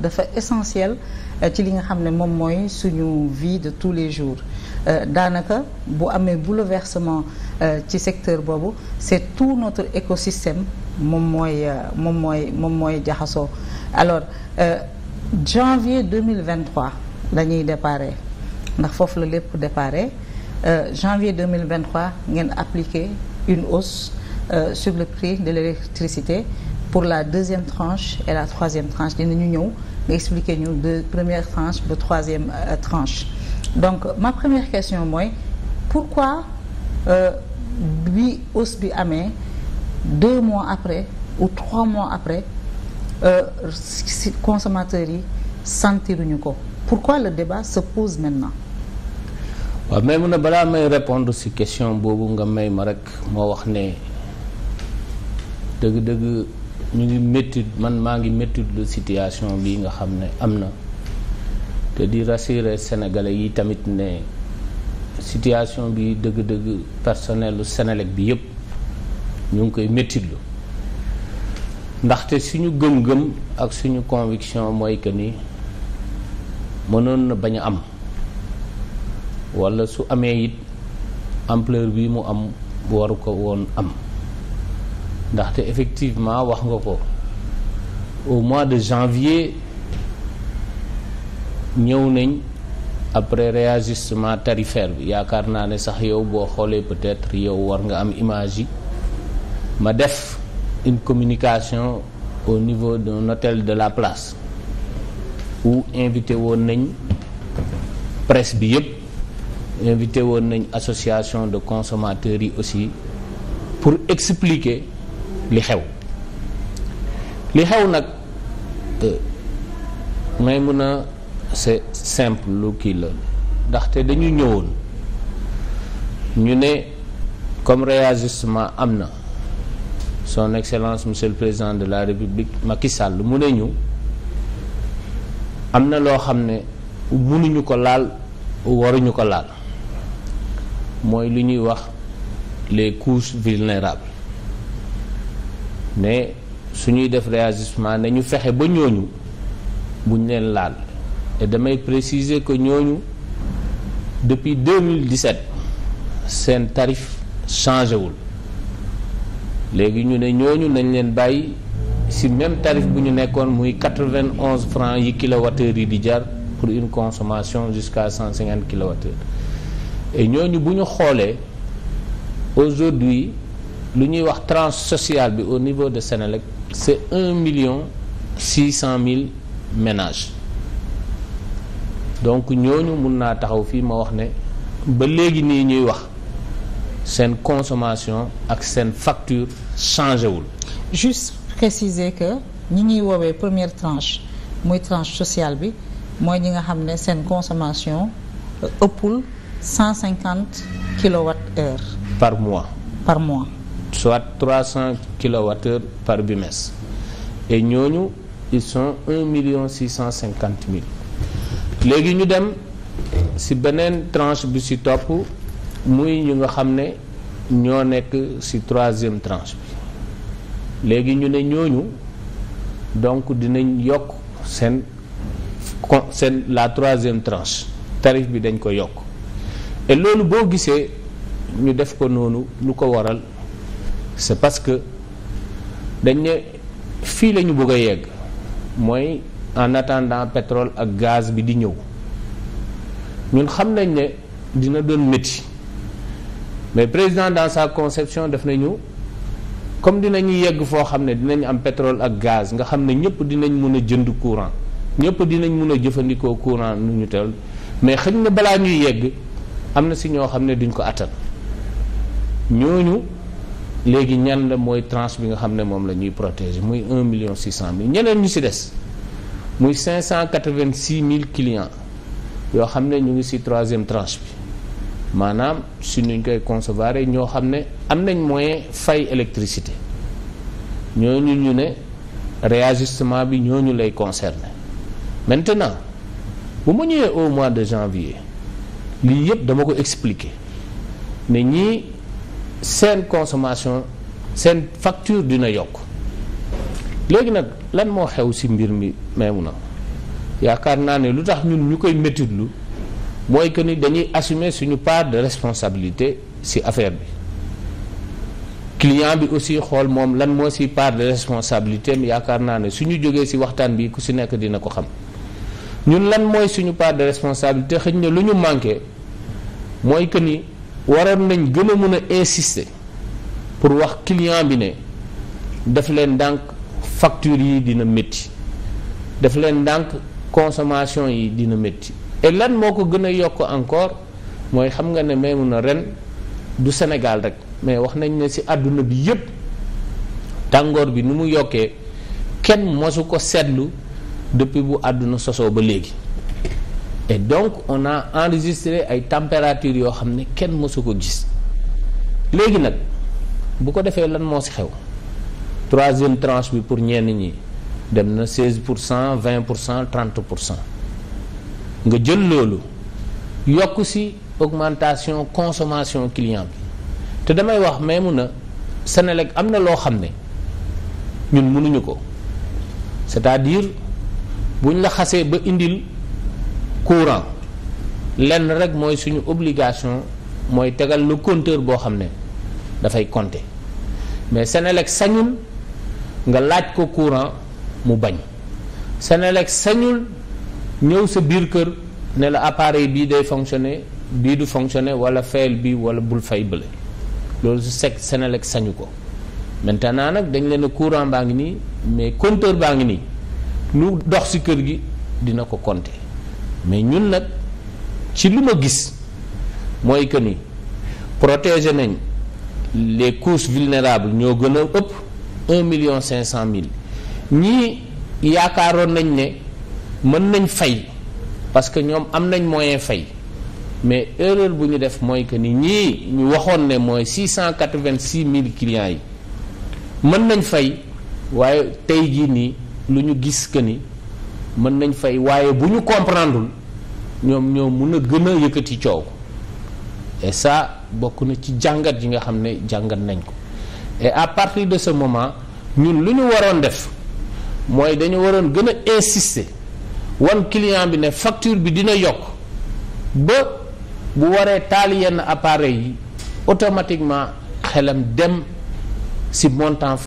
dafa essentiel euh, ci li nga xam ne moom mooy suñu vie de tous les jours euh, daanaka bu amee bouleversement euh, ci secteur boobu c'est tout notre écosystème moom mooy moom mooy moom mooy jaxasoo alors euh, janvier 2023 la ñuy déparé ndax foofu la lépp déparé euh, janvier 2023 ngeen appliqué une hausse euh, sur le prix de l'électricité pour la deuxième tranche et la troisième tranche dinañu ñëw nga expliquer ñu de première tranche ba troisième euh, tranche donc ma première question mooy pourquoi euh, bi hausse bi amee deux mois après ou trois mois après euh, si consommateurs yi sentiruñu ko pourquoi le débat se pose maintenant waaw mais mun na balaa may répondre ci question boobu nga may ma rekk moo wax ne dëgg-dëgg ñu ngi métti man maa ngi métti de situation bi nga xam ne am na te di rassurer sénégalais yi tamit ne situation bi dëgg-dëgg personnelu Sénélec bi yépp ñu ngi koy méttitlu ndaxte suñu gëm-gëm ak suñu conviction mooy que ni mënoon na bañ am walla su amee it ampleur bi mu am waru ko woon am ndaxte effectivement wax nga ko au mois de janvier ñëw nañ après réajustement tarifaire bi yaakaar naa ne sax yow boo xoolee peut-être yow war nga am image yi ma def une communication au niveau d'un hôtel de la place où invité woon nañ presse bi yëpp invité woon nañ association de consommateurs yi aussi pour expliquer li xew li xew nag euh, may mun a c'est simple lu kii la ndaxte dañu ñëwoon ñu ne comme réajustement am na son excellence monsieur le président de la république Macky Sall mu ne ñu am na loo xam ne mënuñu ko laal waruñu ko laal mooy lu ñuy wax les couches vulnérables ne suñuy def réagissement ne ñu fexe ba ñooñu buñ leen laal et damay préciser ko ñooñu depuis 2017 seen tarif changé wul léegi ñu ne ñooñu nañ leen bàyyi si même tarif bu ñu nekkoon muy 91 francs yi kilowattheure yi di jar pour une consommation jusqu'à 150 kilowattheures et ñooñu buñu ñu xoolee aujourd'hui lu ñuy wax tranche sociale bi au niveau de Sénélec c'est un million six cent mille ménages donc ñooñu mun naa taxaw fii ma wax ne ba léegi nii ñuy wax seen consommation ak seen facture changé wul. juste préciser que ñi ñuy woowee première tranche muy tranche sociale bi mooy ñi nga xam ne seen consommation ëppul cent cinquante kilowatt heure. par mois par mois. soit 300 kilowattheures par bimestre et ñooñu ils sont 1 million 650 mille léegi ñu dem ci beneen tranche bi ci topp muy ñu nga xam ne ñoo nekk ci troisième tranche bi léegi ñu ne ñooñu donc dinañ yokk seen seen la troisième tranche tarif bi dañ ko yokk et loolu boo gisee ñu def ko noonu lu ko waral c'est parce que dañ ne fii la ñu bëgg a yegg mooy en attendant pétrole ak gaz bi di ñëw ñun xam nañ ne dina doon métti mais président dans sa conception def nañu comme dinañu yegg foo xam ne dinañ am pétrole ak gaz nga xam ne ñëpp dinañ mun a jënd courant ñëpp dinañ mun a jëfandikoo courant nu ñu tel mais xëñ na balaa ñuy yegg am na si ñoo xam ne duñ ko attan ñooñu. léegi ñan la mooy tranche bi nga xam ne moom la ñuy protéger muy un million cent mille ñeneen ñu si des muy 586 mille clients yoo xam ne ñu ngi si troisième tranche bi maanaam si nuñ koy concevoir ñoo xam ne am nañ moyen fay électricité ñooñu ñu ne réajustement bi ñooñu lay concerner maintenant bu ma ñëwee au mois de janvier lii yëpp dama ko expliquer ne ñii. seen consommation seen facture dina yokk léegi nag lan moo xew ci mbir mi meemu na yaakaar naa ne lu tax ñun ñu koy méttitlu mooy que ni dañuy assumer suñu paar de responsabilité ci affaire bi client bi aussi xool moom lan moo si part de responsabilité yaakaar naa ne suñu jógee ci waxtaan bi ku ci nekk dina ko xam ñun lan mooy suñu part de responsabilité xëñ na lu ñu manqué mooy que ni. waroon nañ gën a mën a insister pour wax client bi ne def leen ndànk facture yi dina métti def leen ndànk consommation yi dina métti et lan moo ko gën a yokk encore mooy xam nga ne may mun a ren du Sénégal rek mais wax nañ ne si àdduna bi yépp tàngoor bi ni mu yokkee kenn mosu ko seetlu depuis bu àdduna sosoo ba léegi et donc on a enregistré ay température yoo xam ne kenn mësu ko gis léegi nag bu ko defee lan moo ci xew troisième tranche bi pour ñenn ñi dem na 16 pour cent 20 pour cent 30 pour cent nga jël loolu yokk ci augmentation consommation client bi te damay wax mais mun a Senelec am na loo xam ne ñun mënuñu ko c'est-à-dire buñ la xasee ba indil. courant lenn rek mooy suñu obligation mooy tegal le compteur boo xam ne dafay compter mais Senelec sañul nga laaj ko courant mu bañ senelek sañul ñëw sa biir kër ne la appareil bii day fonctionner bii du fonctionner wala fayal bii wala bul fay bële loolu su sec Senelec sañu ko maintenant nag dañ leen courant baa ngi nii mais compteur baa ngi nii lu dox ci kër gi dina ko compter mais ñun nag ci lu ma gis mooy que ni protéger nañ les couches vulnérables ñoo gën a ëpp un million cinq cent mille ñii yaakaaroon nañ ne mën nañ fay parce que ñoom am nañ moyen fay mais erreur bu ñu def mooy que ni ñii ñu waxoon ne mooy six cent quatre-vingt-six mille clients yi mën nañ fay waaye tey jii nii lu ñu gis que ni mën nañ fay waaye bu ñu comprendreul ñoom ñoo mun a gën a yëkkati coow et ça bokk na ci jàngat yi nga xam ne jàngat nañ ko et à partir de ce moment ñun lu ñu waroon def mooy dañu waroon gën a insister wan client bi ne facture bi dina yokk ba bu waree taal yenn appareil yi automatiquement xelam dem ci montant